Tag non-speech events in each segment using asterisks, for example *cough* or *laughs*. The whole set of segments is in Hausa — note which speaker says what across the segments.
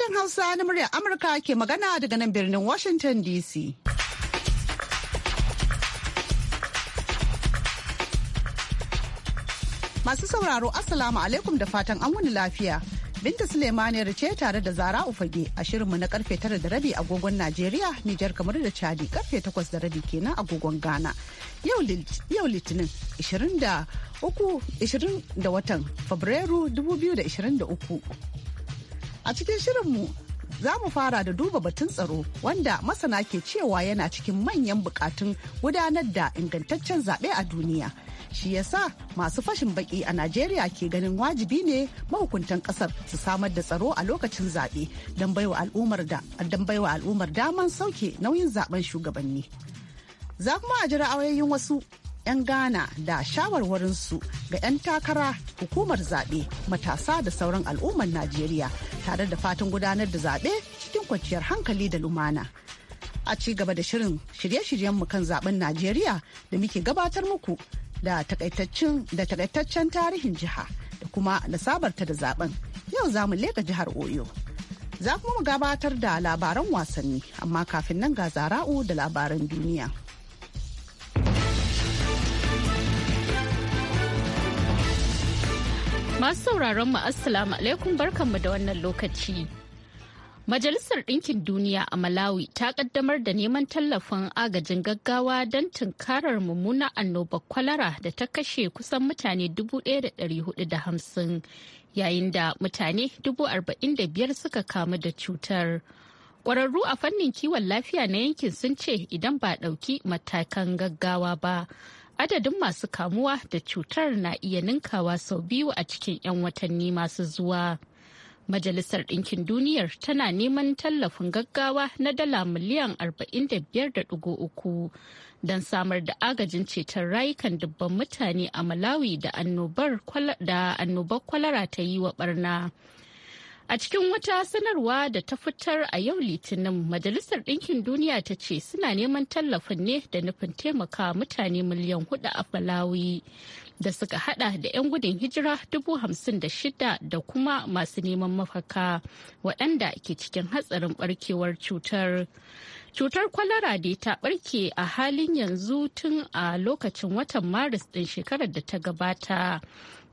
Speaker 1: Sashen Hausa na muryar Amurka ke magana daga nan birnin Washington DC. Masu sauraro Assalamu alaikum da fatan an wani lafiya. Binta Suleimaniyar ce tare da Zara Ufage a shirinmu na karfe tara da rabi agogon Najeriya, Nijar kamar da Chadi karfe takwas da rabi kenan agogon Ghana. Yau Litinin 23 da watan Fabrairu 2023. A cikin shirinmu za mu fara da duba batun tsaro wanda masana ke cewa yana cikin manyan bukatun gudanar da ingantaccen zaɓe a duniya. Shi yasa masu fashin baki a Najeriya ke ganin wajibi ne mahukuntan kasar su samar da tsaro a lokacin zaɓe don baiwa al'ummar damar sauke nauyin zaben shugabanni. Za kuma a jira wasu 'yan Ghana da shawarwarinsu ga 'yan takara hukumar zaɓe matasa da sauran al'ummar Najeriya tare da fatan gudanar da zaɓe cikin kwanciyar hankali da lumana. A ci gaba da shirin shirye-shiryenmu kan zaben Najeriya da muke gabatar muku da takaitaccen tarihin jiha da kuma da sabarta da zaben yau za mu leka jihar Oyo. Za kuma mu gabatar da labaran wasanni amma kafin nan ga zara'u da labaran duniya.
Speaker 2: Masu sauraron mu Assalamu alaikum barkanmu da wannan lokaci. Majalisar Ɗinkin Duniya a Malawi ta ƙaddamar da neman tallafin agajin gaggawa don tunkarar mummuna annobar kwalara da ta kashe kusan mutane 1,450 yayin da mutane 45,000 suka kamu da cutar. Ƙwararru a fannin kiwon lafiya na yankin sun ce idan ba ɗauki matakan gaggawa ba. adadin masu kamuwa da cutar na iya ninkawa sau biyu a cikin 'yan watanni masu zuwa. Majalisar Ɗinkin Duniyar tana neman tallafin gaggawa na dala miliyan 45.3 don samar da agajin ceton rayukan dubban mutane a Malawi da annobar kwalara ta yi wa barna. A cikin wata sanarwa da ta fitar a yau Litinin, Majalisar Ɗinkin Duniya ta ce suna neman tallafin ne da nufin taimaka mutane miliyan hudu a Malawi da suka hada da 'yan gudun hijira dubu hamsin da shida da kuma masu neman mafaka waɗanda ke cikin hatsarin barkewar cutar. Cutar kwalara dai ta barke a halin yanzu tun a lokacin watan Maris ɗin shekarar da ta gabata.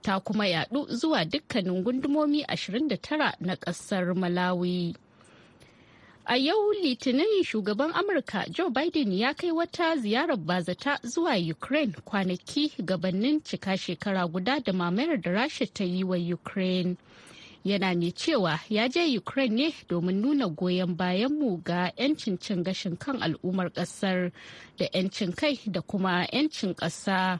Speaker 2: ta kuma yadu zuwa dukkanin gundumomi 29 na ƙasar Malawi. A yau Litinin shugaban Amurka Joe Biden ya kai wata ziyarar bazata zuwa Ukraine kwanaki gabanin cika shekara guda da mamayar da Rasha ta yi wa Ukraine. Yana mai cewa ya je Ukraine ne domin nuna goyon bayanmu ga 'yancin cin gashin kan al'ummar ƙasar da 'yancin kai da kuma 'yancin ƙasa.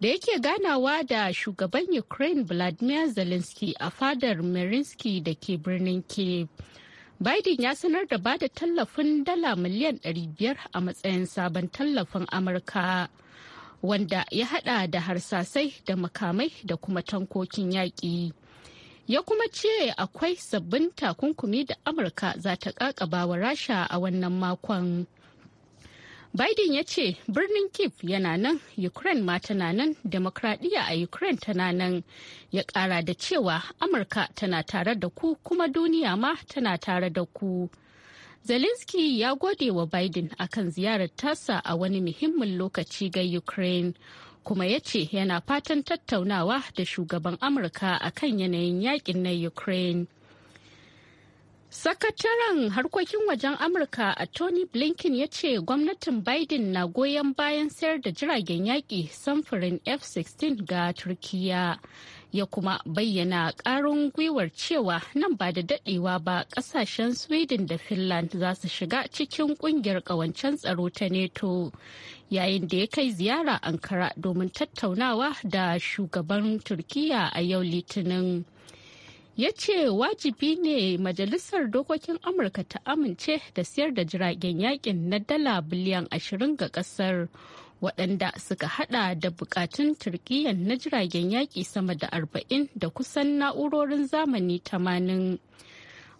Speaker 2: da yake ganawa da shugaban ukraine vladimir zelensky a fadar merinsky da ke birnin kiev biden ya sanar da ba da tallafin dala miliyan 500 a matsayin sabon tallafin amurka wanda ya hada da harsasai da makamai da kuma tankokin yaƙi ya kuma ce akwai sabbin takunkumi da amurka za ta kakaba rasha a wannan makon Biden ya ce birnin Kiev yana nan, Ukraine ma tana nan, demokradiyya a Ukraine tana nan. Ya kara da cewa Amurka tana tare da ku kuma duniya ma tana tare da ku. Zelensky ya gode wa Biden akan ziyarar tasa a wani muhimmin lokaci ga Ukraine. kuma ya ce yana fatan tattaunawa da shugaban amurka akan yanayin yakin na ukraine Sakataren harkokin wajen Amurka a Tony Blinken ya ce gwamnatin Biden na goyon bayan sayar da jiragen yaƙi samfurin F-16 ga Turkiya. Ya kuma bayyana ƙarin gwiwar cewa nan ba da daɗewa ba ƙasashen Sweden da Finland za su shiga cikin ƙungiyar ƙawancen tsaro ta NATO. Yayin da ya kai ziyara Ankara domin tattaunawa da shugaban Turkiya a yau Litinin. ya ce wajibi ne majalisar dokokin amurka ta amince da siyar da jiragen yakin na dala biliyan 20 ga kasar waɗanda suka hada da bukatun turkiyyar na jiragen yaƙi sama da arba'in da kusan na'urorin zamani tamanin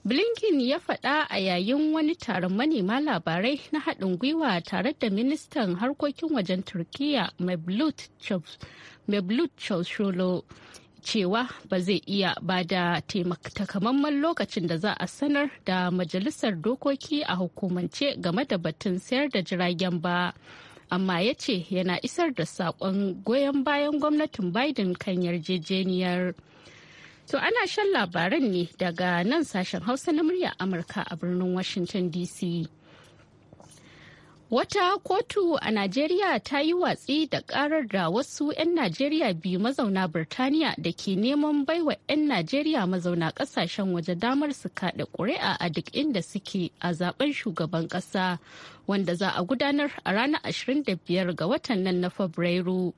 Speaker 2: blinken ya faɗa a yayin wani taron manema labarai na haɗin gwiwa tare da ministan harkokin wajen turkiyya mevlut cavusoglu cewa ba zai iya ba da takamaiman lokacin da za a sanar da majalisar dokoki a hukumance game da batun sayar da jiragen ba amma ya ce yana isar da saƙon goyon bayan gwamnatin biden kan yarjejeniyar to ana shan labaran ne daga nan sashen hausa na murya amurka a birnin washington dc Wata kotu a Najeriya ta yi watsi da karar da wasu 'yan Najeriya biyu mazauna Birtaniya da ke neman baiwa 'yan Najeriya mazauna kasashen waje damar su kaɗa ƙuri'a a duk inda suke a zaben shugaban ƙasa wanda za a gudanar a ranar 25 ga watan nan na Fabrairu.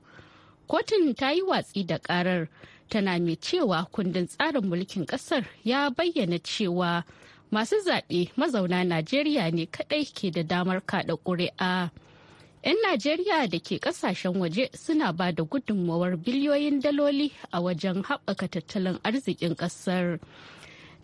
Speaker 2: Kotun ta yi watsi da karar tana mai cewa kundin tsarin mulkin ƙasar ya bayyana cewa. masu zaɓe mazauna Najeriya ne kaɗai ke da damar kaɗa ƙuri'a. 'Yan Najeriya da ke ƙasashen waje suna ba da gudunmawar biliyoyin daloli a wajen haɓaka tattalin arzikin ƙasar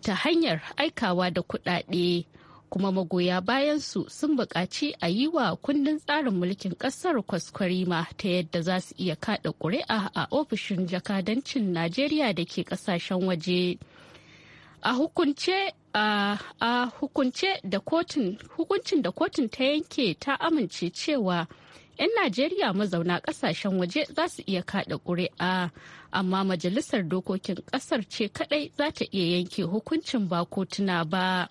Speaker 2: ta hanyar aikawa da kuɗaɗe. kuma magoya bayan su sun buƙaci a yi wa kundin tsarin mulkin ƙasar kwaskwarima ta yadda za su iya kaɗa ƙuri'a a ofishin jakadancin najeriya da ke ƙasashen waje a hukunce a hukunce da kotun hukuncin da kotun ta yanke ta amince cewa 'yan najeriya mazauna kasashen waje za su iya kada ƙuri'a amma majalisar dokokin ƙasar ce kadai za ta iya yanke hukuncin ba kotuna ba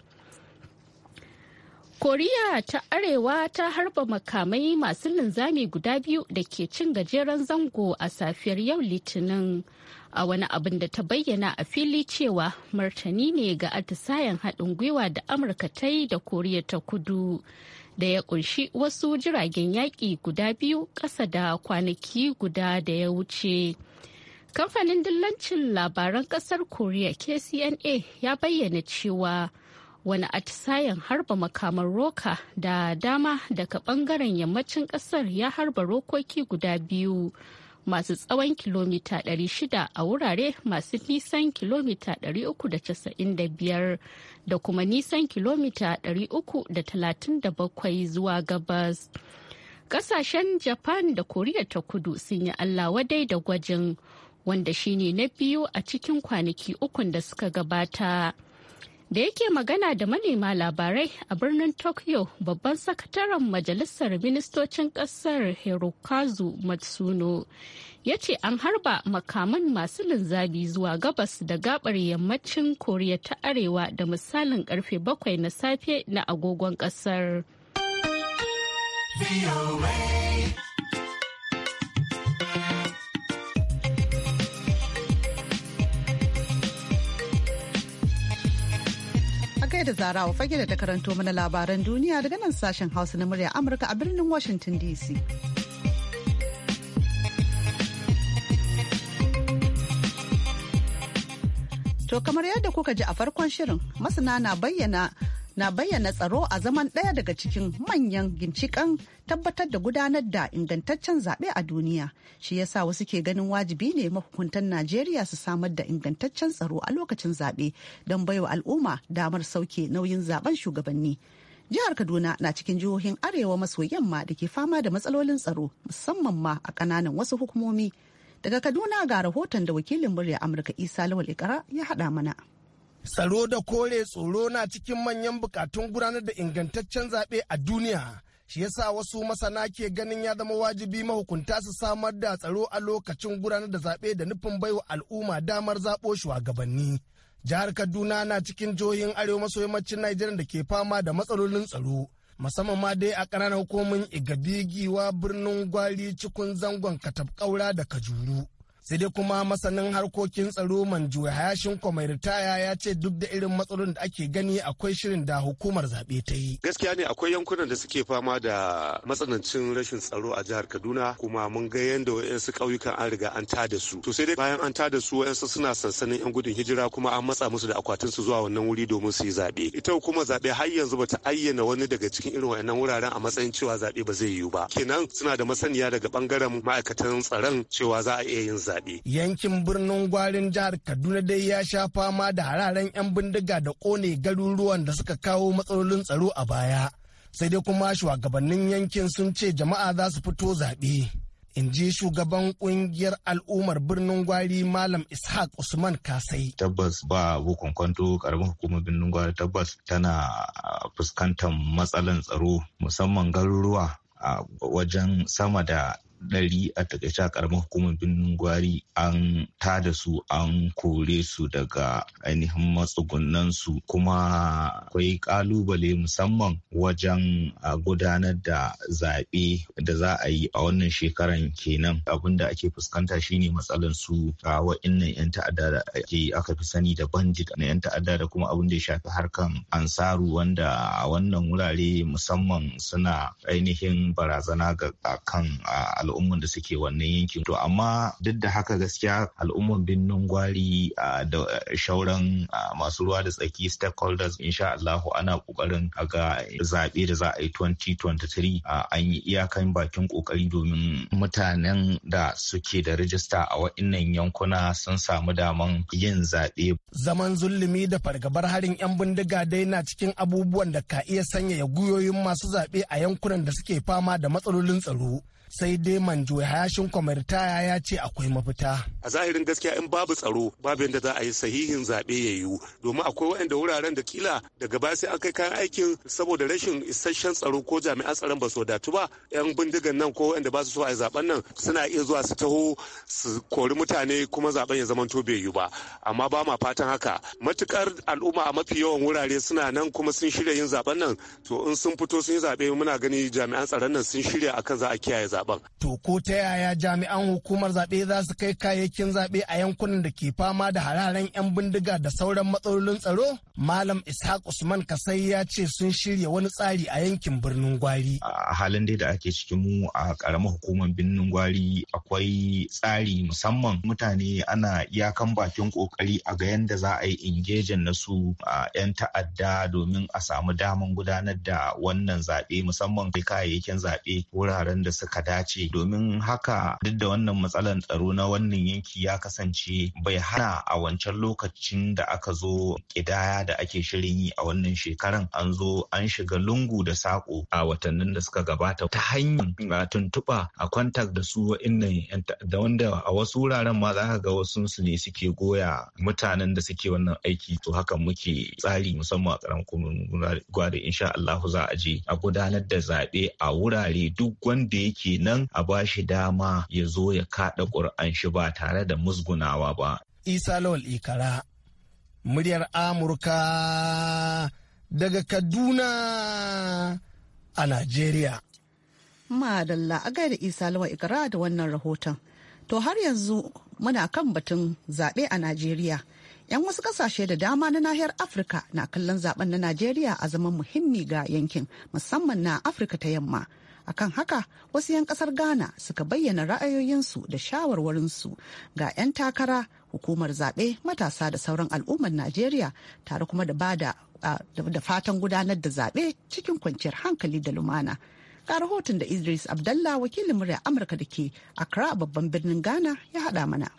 Speaker 2: koriya ta arewa ta harba makamai masu linzami guda biyu da ke cin gajeren zango a safiyar yau litinin a wani abin da ta bayyana a fili cewa martani ne ga atisayen haɗin gwiwa da amurka ta yi da koriya ta kudu da ya ƙunshi wasu jiragen yaƙi guda biyu ƙasa da kwanaki guda da ya wuce kamfanin dillancin labaran ƙasar koriya kcna ya bayyana cewa wani atisayen harba makaman roka da dama daga bangaren yammacin kasar ya harba rokoki guda biyu masu tsawon kilomita 600 a wurare masu nisan kilomita 395 da kuma nisan kilomita 337 zuwa gabas. Kasashen Japan da Koriya ta kudu sun yi Allah wadai da gwajin wanda shine na biyu a cikin kwanaki ukun da suka gabata. da yake magana da manema labarai a birnin tokyo babban sakataren majalisar ministocin kasar hirokazu matsuno ya ce an harba makaman masu linzabi zuwa gabas da gabar yammacin koriya ta arewa da misalin karfe bakwai na safe na agogon kasar.
Speaker 1: a zara zarawa fage da ta karanto mana labaran duniya daga nan sashen hausa na murya amurka a birnin washington dc to kamar yadda kuka ji a farkon shirin masana na bayyana na bayyana tsaro a zaman ɗaya daga cikin manyan ginshiƙan tabbatar da gudanar da ingantaccen zaɓe a duniya shi ya sa wasu ke ganin wajibi ne mahukuntan najeriya su samar da ingantaccen tsaro a lokacin zaɓe don baiwa al'umma damar sauke nauyin zaben shugabanni jihar kaduna na cikin jihohin arewa maso yamma da ke fama da matsalolin tsaro musamman ma a ƙananan wasu hukumomi daga kaduna ga rahoton da wakilin murya amurka isa lawal ikara ya haɗa mana
Speaker 3: Tsaro da kore tsoro na cikin manyan bukatun gudanar da ingantaccen zaɓe a duniya. Shi yasa wasu masana ke ganin ya zama wajibi mahukunta su samar da tsaro a lokacin gudanar da zaɓe da nufin baiwa al'umma damar zaɓo shugabanni. Jihar Kaduna na cikin jihohin arewa maso yammacin Najeriya da ke fama da matsalolin tsaro. musamman ma dai a ƙananan hukumomin igabi giwa birnin gwari cikin zangon katabkaura da kajuru sai dai kuma masanin harkokin tsaro manju hayashin mai ritaya ya ce duk da irin matsalolin da ake gani akwai shirin da hukumar zaɓe ta yi
Speaker 4: gaskiya ne akwai yankunan da suke fama da matsanancin rashin tsaro a jihar kaduna kuma mun ga yadda wayansu ƙauyukan an riga an da su to sai dai bayan an tada su wayansu suna sansanin yan gudun hijira kuma an matsa musu da akwatin su zuwa wannan wuri domin su yi zaɓe ita kuma zaɓe har yanzu bata ayyana wani daga cikin irin wayannan wuraren a matsayin cewa zaɓe ba zai yiwu ba kenan suna da masaniya daga bangaren ma'aikatan tsaron cewa za a iya yin zaɓe zaɓe.
Speaker 3: Yankin birnin gwarin jihar Kaduna dai ya sha fama da hararen 'yan bindiga da ƙone garuruwan da suka kawo matsalolin tsaro a baya. Sai dai kuma shugabannin yankin sun ce jama'a za su fito zaɓe. in ji shugaban kungiyar al'ummar birnin gwari malam ishaq usman kasai
Speaker 5: tabbas ba bukon kwanto karamin hukumar birnin gwari tabbas tana fuskantar matsalan tsaro musamman garuruwa a wajen sama da ɗari a takaice a ƙaramin hukumar birnin gwari an tada su an kore su daga ainihin matsugunan su kuma akwai kalubale musamman wajen gudanar da zaɓe da za a yi a wannan shekaran kenan abin da ake fuskanta shine matsalar su a wa'innan 'yan ta'adda da ake aka fi sani da bandit na 'yan ta'adda da kuma abin da ya shafi harkan ansaru wanda a wannan wurare musamman suna ainihin barazana ga kan al'umman da suke wannan yankin to amma duk da haka gaskiya al'umman birnin gwari da shauran masu ruwa da tsaki stakeholders insha Allah ana kokarin ga zaɓe da za a yi 2023 an yi iyakan bakin kokari domin mutanen da suke da rijista a wa'innan yankuna sun samu daman yin zaɓe.
Speaker 3: Zaman zulumi da fargabar harin 'yan bindiga dai na cikin abubuwan da ka iya sanyaya guyoyin masu zaɓe a yankunan da suke fama da matsalolin tsaro. Sai dai Suleiman hayashin kwamitaya ya ce akwai mafita.
Speaker 4: A zahirin gaskiya in babu tsaro babu yadda za a yi sahihin zaɓe ya yiwu domin akwai waɗanda wuraren da kila daga baya sai an kai kayan aikin saboda rashin isasshen tsaro ko jami'an tsaron ba su wadatu ba 'yan bindigan nan ko waɗanda ba su so a yi zaɓen nan suna iya zuwa su taho su kori mutane kuma zaɓen ya zamanto bai yiwu ba amma ba ma fatan haka matukar al'umma a mafi yawan wurare suna nan kuma sun shirya yin zaɓen nan to in sun fito sun yi zaɓe muna gani jami'an tsaron nan sun shirya akan za a kiyaye zaɓen.
Speaker 3: To ko ta yaya jami'an hukumar zaɓe za su kai kayayyakin zaɓe a yankunan da ke fama da hararen 'yan bindiga da sauran matsalolin tsaro? Malam Ishaq Usman Kasai ya ce sun shirya wani tsari a yankin birnin Gwari.
Speaker 5: A halin dai da ake cikin mu a karamar hukumar birnin Gwari akwai tsari musamman mutane ana iyakan bakin ƙoƙari a ga yanda za a yi ingejin na su a 'yan ta'adda domin a samu daman gudanar da wannan zaɓe musamman kai kayayyakin zaɓe wuraren da suka dace domin haka duk da wannan matsalar tsaro na wannan yanki ya kasance bai hana a wancan lokacin da aka zo kidaya da ake shirin yi a wannan shekaran an zo an shiga lungu da sako a watannin da suka gabata ta hanyar tuntuɓa a kwantak da su wa'innan da wanda a wasu wuraren ma za ka ga wasu su ne suke goya mutanen da suke wannan aiki to haka muke tsari musamman a karan kumin gwada insha Allah za a je a gudanar da zaɓe a wurare duk wanda yake nan a ba shi dama ya zo ya kaɗa ƙur'an shi ba tare da musgunawa ba.
Speaker 3: Isa Lawal Ikara, muryar Amurka daga Kaduna a Najeriya.
Speaker 1: Madalla a gaida Isa Lawal Ikara da wannan rahoton. To har yanzu muna kan batun zaɓe a Najeriya. 'Yan wasu ƙasashe da dama na nahiyar Afirka na kallon zaben na Najeriya a zaman muhimmi ga yankin musamman na Afirka ta yamma. akan haka wasu 'yan kasar ghana suka bayyana ra'ayoyinsu da shawarwarinsu ga 'yan takara hukumar zaɓe matasa da sauran al'ummar najeriya tare kuma da bada da fatan gudanar da zaɓe cikin kwanciyar hankali da lumana ga rahoton da idris abdallah wakilin murya amurka da ke a babban birnin ghana ya haɗa mana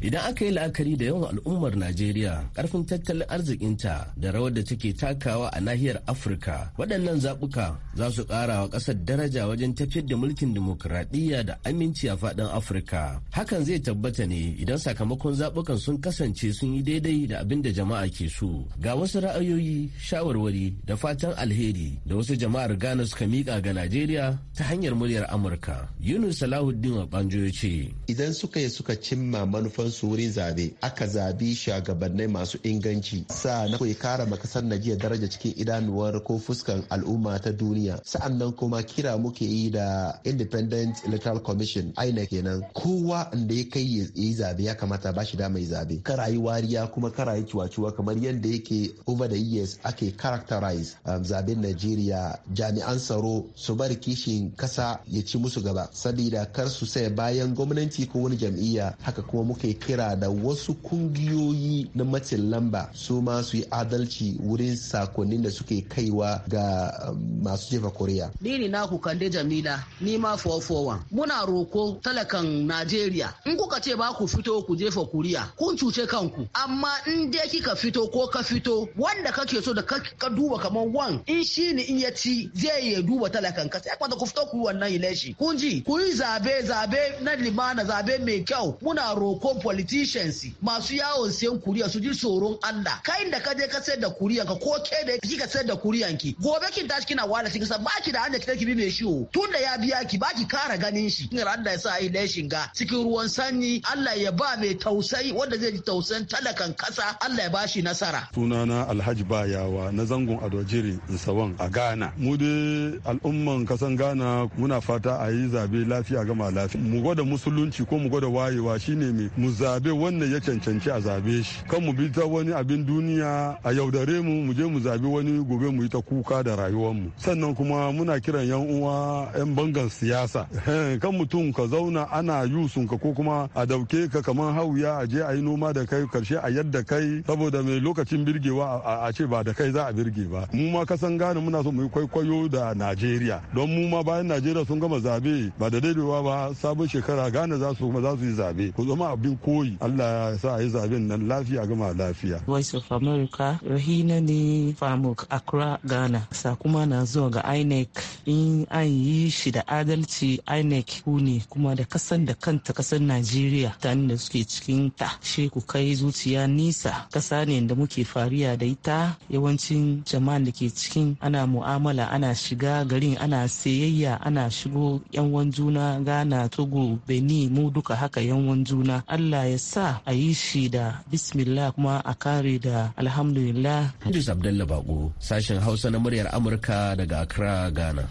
Speaker 3: Idan aka yi la'akari da yawan al'ummar Najeriya, karfin tattalin arzikinta da rawar da take takawa a nahiyar Afirka, waɗannan zaɓuka za su ƙara wa ƙasar daraja wajen tafiyar da mulkin dimokuraɗiyya da aminci a faɗin Afirka. Hakan zai tabbata ne idan sakamakon zaɓukan sun kasance sun yi daidai da abin da jama'a ke so. Ga wasu ra'ayoyi, shawarwari da fatan alheri da wasu jama'ar Ghana suka miƙa ga Najeriya ta hanyar muryar Amurka. Yunus Salahuddin Banjo ya ce. Idan suka yi suka cimma manufar. son su zabe aka zabi shagabannai masu inganci sa na kai kara makasar najiya daraja cikin idanuwar ko fuskan al'umma ta duniya sa'annan kuma kira muke yi da independent electoral commission aina kenan kowa da ya kai ya yi zabe ya kamata ba shi dama yi zabe karayi wariya kuma karayi ciwaciwa kamar yadda yake over the years ake characterize um, zaben Najeriya jami'an tsaro su bar kishin kasa ya ci musu gaba sabida kar su sai bayan gwamnati ko wani jam'iyya haka kuma muke kira da wasu kungiyoyi na macin lamba su ma yi adalci wurin sakonnin da suke kaiwa ga um, masu jefa koriya. Ni ne naku Kande Jamila, ni ma 441. Muna roko talakan Najeriya. In kuka ce ba ku fito ku jefa kuriya, kun cuce kanku. Amma in dai kika fito ko ka fito wanda kake so da ka duba kamar wan in shi ne in ya ci zai ya duba talakan kasa. Ya kwata ku fito ku wannan ilashi Kun ji ku yi zabe zabe na limana zabe mai kyau. Muna roko politicians masu yawon siyan kuriya su ji tsoron Allah kai da ka je ka sayar da kuriyan ka ko ke da kika sayar da kuriya ki gobe kin tashi kina wala cikin sa baki da hanya ki bi mai o tun da ya biya ki baki kara ganin shi kin Allah ya sa ai leshin ga cikin ruwan sanyi Allah ya ba mai tausayi wanda zai ji tausayin talakan kasa Allah ya bashi nasara
Speaker 6: sunana Alhaji Bayawa na zangon Adojiri Nsawan a Ghana mu dai al'umman kasan Ghana muna fata a yi zabe lafiya ma lafiya mu gwada musulunci ko mu gwada wayewa shine mu zabe wannan ya cancanci a zabe shi kan mu bi ta wani abin duniya a yaudare mu mu je mu zabi wani gobe mu yi ta kuka da rayuwar mu sannan kuma muna kiran yan uwa yan bangan siyasa *laughs* kan mutum ka zauna ana yusun ka ko kuma a dauke ka kamar hauya a je a yi noma da kai karshe a yadda kai saboda mai lokacin birgewa a ce ba da kai za a birge ba mu ma kasan gane muna so mu yi kwaikwayo da najeriya don mu ma bayan najeriya sun gama zabe ba da daidaiwa ba sabon shekara gane za za su yi zabe ku zama abin koyi Allah ya sa a yi zaben nan lafiya gama lafiya.
Speaker 7: Voice
Speaker 5: of America Rahina ne Famuk Accra Ghana sa na zuwa ga INEC in an yi shi da adalci INEC ku ne kuma da kasan da kanta kasan Najeriya ta da suke cikin ta she ku kai zuciya nisa kasa ne da muke fariya da ita yawancin jama'a da ke cikin ana mu'amala ana shiga garin ana sayayya ana shigo yan juna Ghana Togo Benin mu
Speaker 3: duka haka yan juna Allah Allah ya sa a yi shi da bismillah kuma a kare da alhamdulillah. Idris Abdullah Bako sashen Hausa na muryar Amurka daga Accra, Ghana.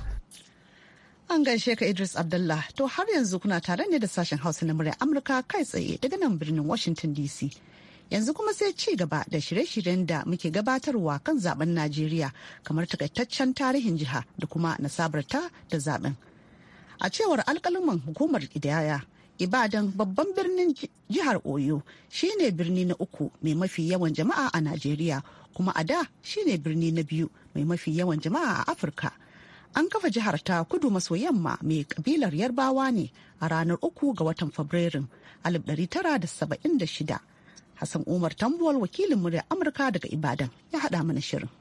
Speaker 1: An gaishe ka Idris Abdullah to har yanzu kuna tare ne da sashen Hausa na muryar Amurka kai tsaye daga nan birnin Washington DC. Yanzu kuma sai ci gaba da shirye-shiryen da muke gabatarwa kan zaben Najeriya kamar takaitaccen tarihin jiha da kuma nasabarta da zaben. A cewar alkalaman hukumar ƙidaya Ibadan babban birnin jihar Oyo shine birni na uku mai mafi yawan jama'a a Najeriya kuma a da shine birni na biyu mai mafi yawan jama'a a Afirka. An kafa jihar ta kudu maso yamma mai kabilar Yarbawa ne a ranar uku ga watan Fabrairun 1976. Hassan Umar Tambuwal wakilin murya Amurka daga Ibadan ya haɗa mana shirin.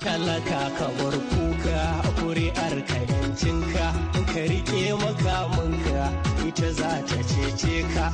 Speaker 3: Talaka ka kuri'ar ka yancinka ka rike makamanka ita za
Speaker 8: ta cece ka.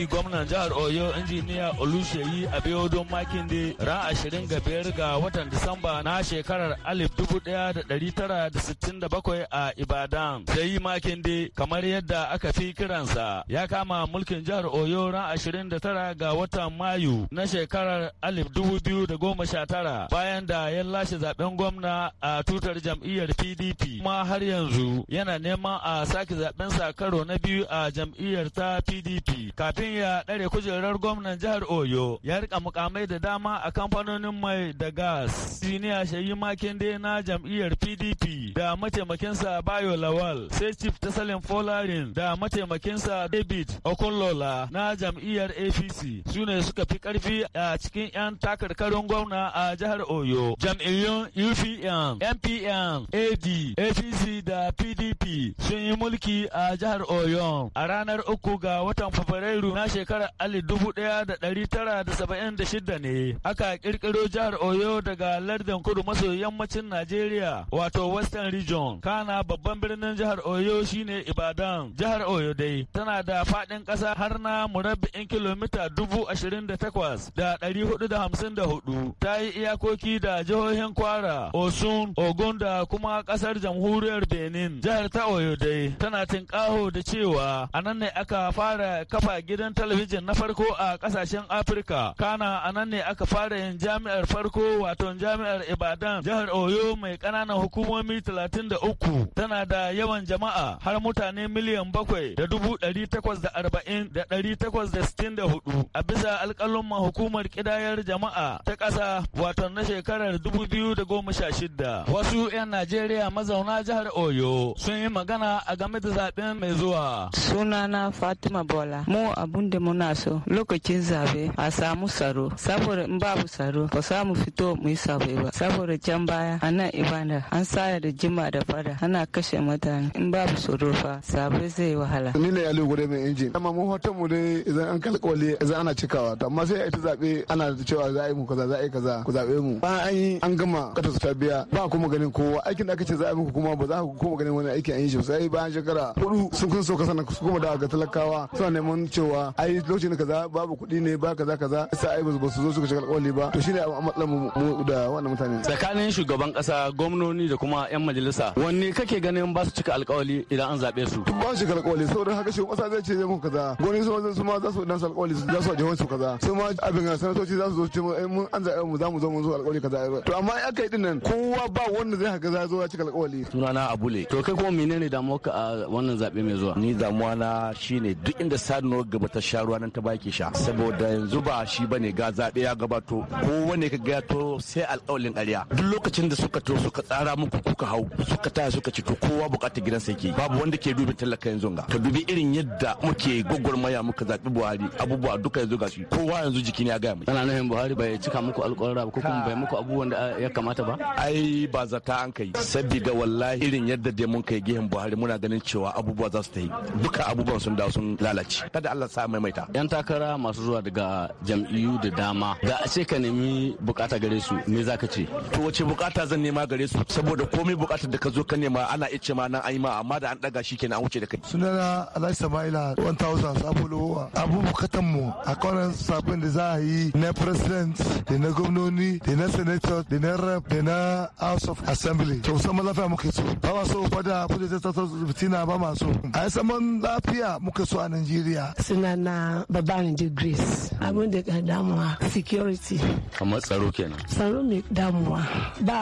Speaker 8: shi gwamnan jihar Oyo injiniya Oluseyi Abiodun Makinde ran 20 ga biyar ga watan Disamba na shekarar 1967 a Ibadan. Sai Makinde kamar yadda aka fi kiransa ya kama mulkin jihar Oyo ran 29 ga watan Mayu na shekarar 2019 bayan da ya lashe zaben gwamna a tutar jam'iyyar PDP kuma har yanzu yana neman a sake zaben sa karo na biyu a jam'iyyar ta PDP kafin domin ya ɗare kujerar gwamnan jihar Oyo ya rika mukamai da dama a kamfanonin mai da gas. Siniya Shayi Makinde na jam'iyyar PDP da mataimakinsa Bayo Lawal sai Chief Tasalin Folarin da mataimakinsa David Okunlola na jam'iyyar APC su ne suka fi karfi a cikin 'yan takarkarin gwamna a jihar Oyo. Jam'iyyun UPN, NPN, AD, APC da PDP sun yi mulki a jihar Oyo a ranar uku ga watan Fabrairu na shekarar alif dubu ɗaya da ɗari tara da saba'in da shida ne aka ƙirƙiro jihar oyo daga lardin kudu maso yammacin najeriya wato western region kana babban birnin jihar oyo shine ibadan jihar oyo dai tana da faɗin ƙasa har na murabba'in kilomita dubu ashirin da takwas da ɗari hudu da hamsin da hudu ta yi iyakoki da jihohin kwara osun ogun da kuma ƙasar jamhuriyar benin jihar ta oyo dai tana tinƙaho da cewa a nan ne aka fara kafa gida gidan talabijin na farko a kasashen Afirka. Kana a nan ne aka fara yin jami'ar farko wato jami'ar Ibadan jihar Oyo mai kananan hukumomi 33 tana da yawan jama'a har mutane miliyan bakwai da dubu ɗari takwas da arba'in da ɗari takwas da sittin da hudu a bisa alƙalin hukumar kidayar jama'a ta ƙasa wato na shekarar dubu biyu da goma sha Wasu 'yan Najeriya mazauna jihar Oyo sun yi magana a game da zaɓen mai zuwa.
Speaker 2: Sunana Fatima Bola. Mu a abun da muna so lokacin zabe a samu tsaro saboda in babu tsaro ba samu fito mu yi zabe ba saboda can baya a nan ibada an saya da jima da fada ana kashe mutane in babu tsaro fa zabe zai wahala.
Speaker 3: ni ne yalo gure mai injin amma mu hoton mu dai idan an kalkwale idan ana cikawa to amma sai a ita zabe ana cewa za a yi mu kaza za a yi kaza ku zabe mu ba an yi an gama kata su ta biya ba kuma ganin kowa aikin da aka ce za a yi muku kuma ba za ku kuma ganin wani aiki an yi shi sai bayan shekara hudu sun kun so kasa kuma da ga talakawa suna neman cewa cewa ai lokacin kaza babu kuɗi ne ba kaza kaza sa ai ba su zo suka shiga alƙawari ba to shine a matsalar mu da wannan mutane tsakanin
Speaker 8: shugaban kasa gwamnoni da kuma yan majalisa wanne kake ganin ba su cika alƙawari idan an zaɓe su
Speaker 3: ba su cika alƙawari saboda haka shugaban kasa zai ce zai muku kaza gwamnoni su su ma za su dan su alƙawari za su ajiyar su kaza su ma abin ga sanatoci za su zo ce mun an zaɓe mu za mu zo mun zo alƙawari kaza to amma aka yi din nan kowa ba wanda zai haka za zo ya cika alƙawari
Speaker 8: sunana abule to kai kuma menene damuwarka a wannan zaɓe mai zuwa ni damuwa na shine duk inda sanuwar gaba ta sha ruwa nan ta baki sha saboda yanzu ba shi bane ga zaɓe ya gabato ko wane ka ga to sai alƙawalin ƙarya duk lokacin da suka to suka tsara muku kuka hau suka taya suka ci to kowa buƙatar gidansa yake babu wanda ke dubi talaka yanzu ga ka dubi irin yadda muke gwagwarmaya muka zaɓi Buhari abubuwa duka yanzu ga shi kowa yanzu jikin ne ya gaya mai ana nufin Buhari bai cika muku alƙawarin ba ko kuma bai muku abubuwan da ya kamata ba ai ba zata an kai Sabida wallahi irin yadda dai mun kai gehen Buhari muna ganin cewa
Speaker 5: abubuwa za su ta yi
Speaker 8: duka abubuwan sun dawo sun lalace kada Allah sa sa maimaita yan takara masu zuwa daga jam'iyyu da dama ga a ce ka nemi bukata gare su me zaka ce to wace bukata zan nema gare su saboda komai bukatar da ka zo ka nema ana ice ma nan an yi ma amma da an daga shi kenan
Speaker 9: an wuce da kai sunana Alhaji Samaila 1000 Sabolowa abu bukatan mu a kwanan sabon da za a yi na president da na gwamnoni da na senator da na rep da na house of assembly to saman lafiya muke so ba ma so fada kudi ta tattara fitina ba ma so a yi saman lafiya muke so a Najeriya
Speaker 1: suna suna na babban de grace
Speaker 3: abin da ka damuwa security
Speaker 8: kamar tsaro kenan
Speaker 3: tsaro mai damuwa
Speaker 1: ba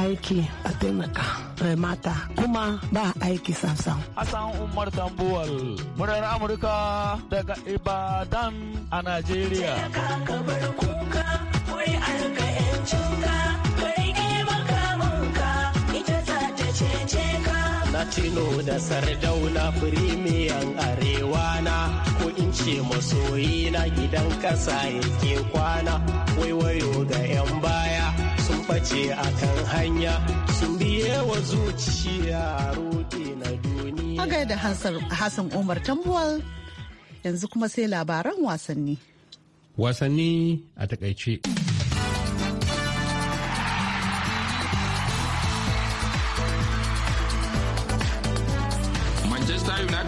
Speaker 1: aiki a taimaka mata kuma ba aiki samsam
Speaker 8: hassan umar tambuwal murar amurka daga ibadan a nigeria.
Speaker 3: ka kuka na da sardauna firimiyan arewa na ko in ce masoyi na gidan ƙasa yake kwana waiwayo ga 'yan baya sun face kan hanya sun biye wa zuciya roƙe na duniya.
Speaker 1: Hagai da Hassan Umar Tambuwal yanzu kuma sai labaran wasanni.
Speaker 7: Wasanni a takaice.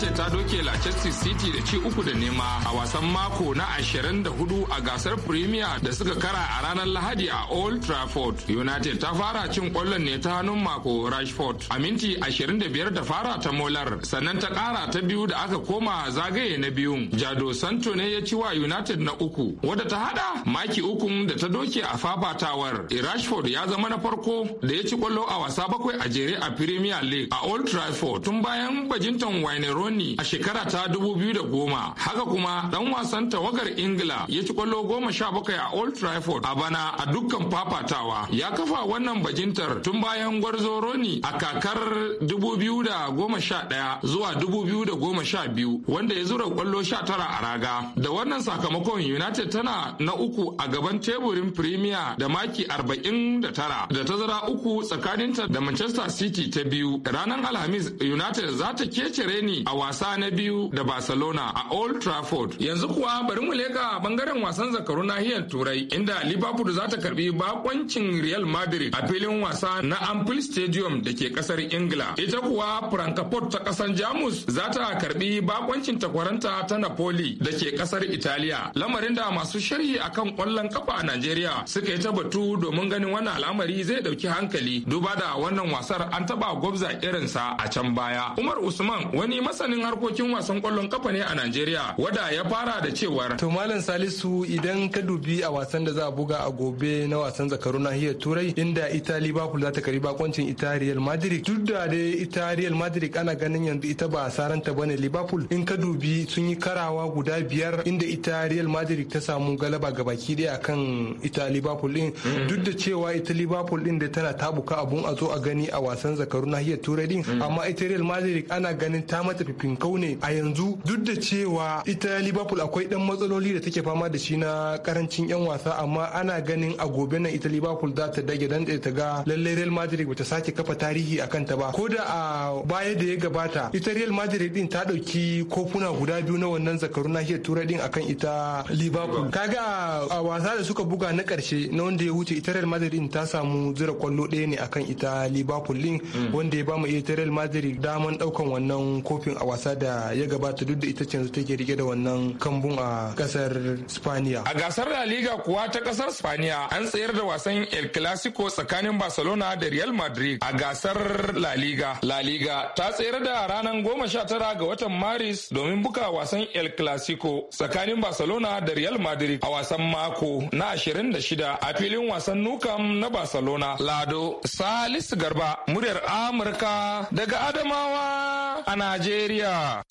Speaker 7: ce ta doke Leicester City da ci uku da nema a wasan mako na 24 a gasar Premier da suka kara a ranar Lahadi a Old Trafford. United ta fara cin kwallon ne ta hannun mako Rashford a minti 25 da fara ta Molar sannan ta kara ta biyu da aka koma zagaye na biyu. Jado Santo ne ya ci wa United na uku wadda ta hada maki ukun da ta doke a fafatawar. E, Rashford ya zama na farko da ya ci kwallo a wasa bakwai a jere a Premier League a Old Trafford tun bayan bajintan Wayne Rooney a shekara ta 2010. Haka kuma ɗan wasan tawagar Ingila ya ci kwallo goma sha bakwai a Old Trafford a bana a dukkan fafatawa. Ya kafa wannan bajintar tun bayan gwarzo Rooney a kakar 2011 zuwa 2012 wanda ya zura kwallo 19 a raga. Da wannan sakamakon United tana na uku a gaban teburin Premier da maki arba'in da tara da tazara uku tsakaninta da Manchester City ta biyu. Ranar Alhamis United za ta kece reni a wasa na biyu da Barcelona a Old Trafford. Yanzu kuwa bari mu leka bangaren wasan zakaru nahiyar Turai inda Liverpool za ta karbi bakoncin Real Madrid a filin wasa na Anfield Stadium da ke kasar Ingila. Ita kuwa Frankfurt ta kasar Jamus za ta karbi bakoncin takwaranta ta Napoli da ke kasar Italiya. Lamarin da masu sharhi akan kwallon kafa a Najeriya suka yi ta batu domin ganin wannan al'amari zai dauki hankali duba da wannan wasar an taba gwabza irinsa a can baya. Umar Usman wani masa masanin harkokin wasan kwallon kafa ne a Najeriya wanda ya fara da cewa. to malam Salisu
Speaker 9: idan ka dubi a wasan da za a buga a gobe na wasan zakaru nahiyar Turai inda ita Liverpool za ta kari bakoncin ita Real Madrid duk da dai ita Madrid ana ganin yanzu ita ba saranta bane Liverpool in ka dubi sun yi karawa guda biyar inda ita Real Madrid ta samu galaba ga baki daya akan ita Liverpool din mm. duk da cewa ita Liverpool din da tana tabuka abun a zo a gani a wasan zakaru nahiyar Turai din mm. amma ita Real Madrid ana ganin ta mata finkau ne a yanzu duk da cewa ita liverpool akwai dan matsaloli da take fama da shi na karancin yan wasa amma ana ganin a gobe nan ita liverpool za ta dage dan ta ga lallai real madrid bata sake kafa tarihi a kanta ba ko da a baya da ya gabata ita real madrid din ta dauki kofuna guda biyu na wannan zakaru nahiyar turai din akan ita liverpool kaga a wasa da suka buga na karshe na wanda ya wuce ita real madrid din ta samu zira kwallo ɗaya ne akan ita liverpool din mm. wanda ya bamu ita real madrid daman daukan wannan kofin a wasa da ya gabata duk da ita ce yanzu take rike da wannan kambun a kasar Spaniya.
Speaker 7: A gasar La Liga kuwa ta kasar Spaniya an tsayar da wasan El Clasico tsakanin Barcelona da Real Madrid a gasar La Liga. La Liga ta tsayar da ranar goma sha tara ga watan Maris domin buka wasan El Clasico tsakanin Barcelona da Real Madrid a wasan mako na ashirin da shida a filin wasan Nukam na Barcelona. Lado Salisu Garba, muryar Amurka daga Adamawa a Najeriya. Nigeria.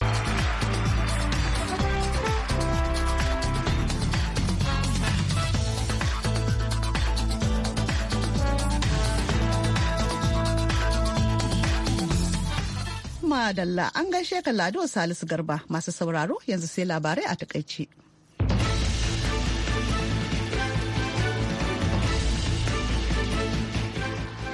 Speaker 1: Madalla an gaishe ka Lado Salisu Garba masu sauraro yanzu sai labarai a takaici.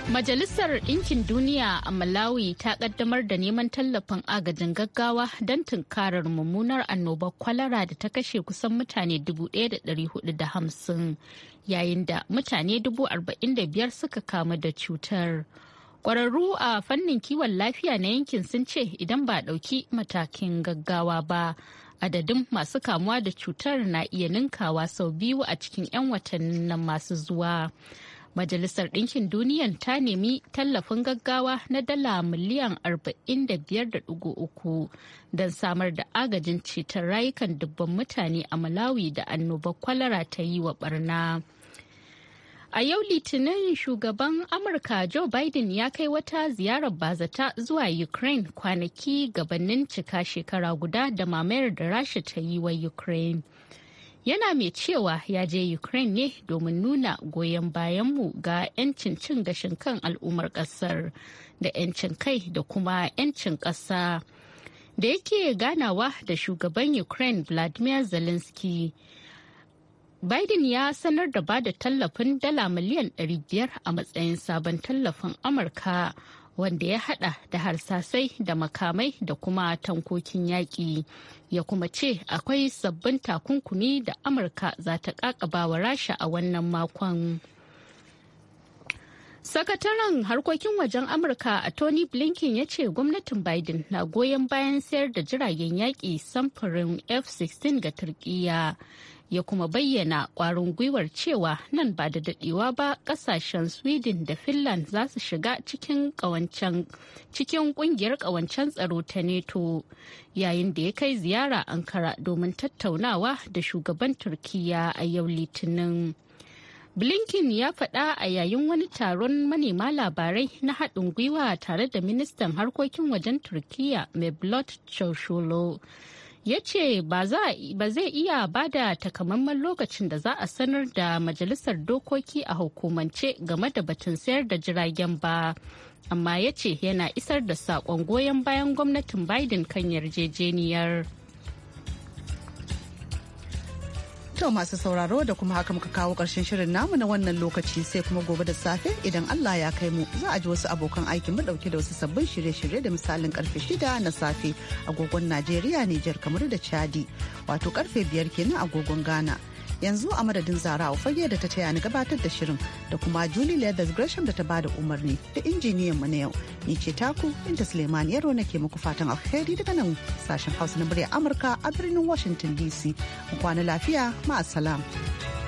Speaker 2: Majalisar Ɗinkin Duniya a Malawi ta kaddamar da neman tallafin agajin gaggawa don tunkarar mummunar annobar kwalara da ta kashe kusan mutane 1,450 yayin da mutane 45,000 suka kamu da cutar. kwararru a fannin kiwon lafiya na yankin sun ce idan ba ɗauki matakin gaggawa ba, adadin masu kamuwa da cutar na iya ninkawa sau biyu a cikin 'yan watannin nan masu zuwa. Majalisar Ɗinkin Duniyan ta nemi tallafin gaggawa na dala miliyan 45.3 don samar da agajin ceton rayukan dubban mutane a Malawi da annobar kwalara ta yi wa barna. A yau Litinin shugaban Amurka Joe Biden ya kai wata ziyarar bazata zuwa Ukraine kwanaki gabanin cika shekara guda da mamayar da Rasha ta yi wa Ukraine. yana mai cewa ya je ukraine ne domin nuna goyon bayanmu ga 'yancin cin gashin kan al'ummar kasar da 'yancin kai da kuma 'yancin ƙasa da yake ganawa da shugaban ukraine vladimir zelensky biden ya sanar da ba da tallafin dala miliyan 500 a matsayin sabon tallafin amurka wanda ya hada da harsasai da makamai da kuma tankokin yaƙi ya kuma ce akwai sabbin takunkumi da amurka za ta ƙaƙabawa rasha a wannan makon sakataren harkokin wajen amurka a tony blinken ya ce gwamnatin biden na goyon bayan sayar da jiragen yaƙi samfurin f-16 ga turkiyya ya kuma bayyana kwarin gwiwar cewa nan ba da dadewa ba kasashen sweden da finland za su shiga cikin kungiyar kawancen tsaro ta neto yayin da ya kai ziyara ankara domin tattaunawa da shugaban turkiya a yau litinin blinken ya faɗa a yayin wani taron manema labarai na haɗin gwiwa tare da ministan harkokin wajen turkiya mevlut cavusoglu ya ce ba zai iya ba da takamaiman lokacin da za a sanar da majalisar dokoki a hukumance game da batun sayar da jiragen ba amma ya ce yana isar da saƙon goyon bayan gwamnatin biden kan yarjejeniyar. To masu
Speaker 1: sauraro da kuma haka muka kawo ƙarshen shirin namu na wannan lokaci sai kuma gobe da safe idan Allah ya kai mu za a ji wasu abokan aiki mu dauke da wasu sabbin shirye-shirye da misalin karfe shida na safe agogon Najeriya, Nijar, kamar da Chadi wato karfe biyar kenan agogon Ghana. yanzu a madadin zara fage da ta taya ni gabatar da shirin da kuma julie leathers gresham da ta bada umarni da injiniyan mu na yau ni ce taku inda suleiman yaro nake muku fatan alheri daga nan sashen hausa na murya amurka a birnin washington dc kwana lafiya ma'asalam.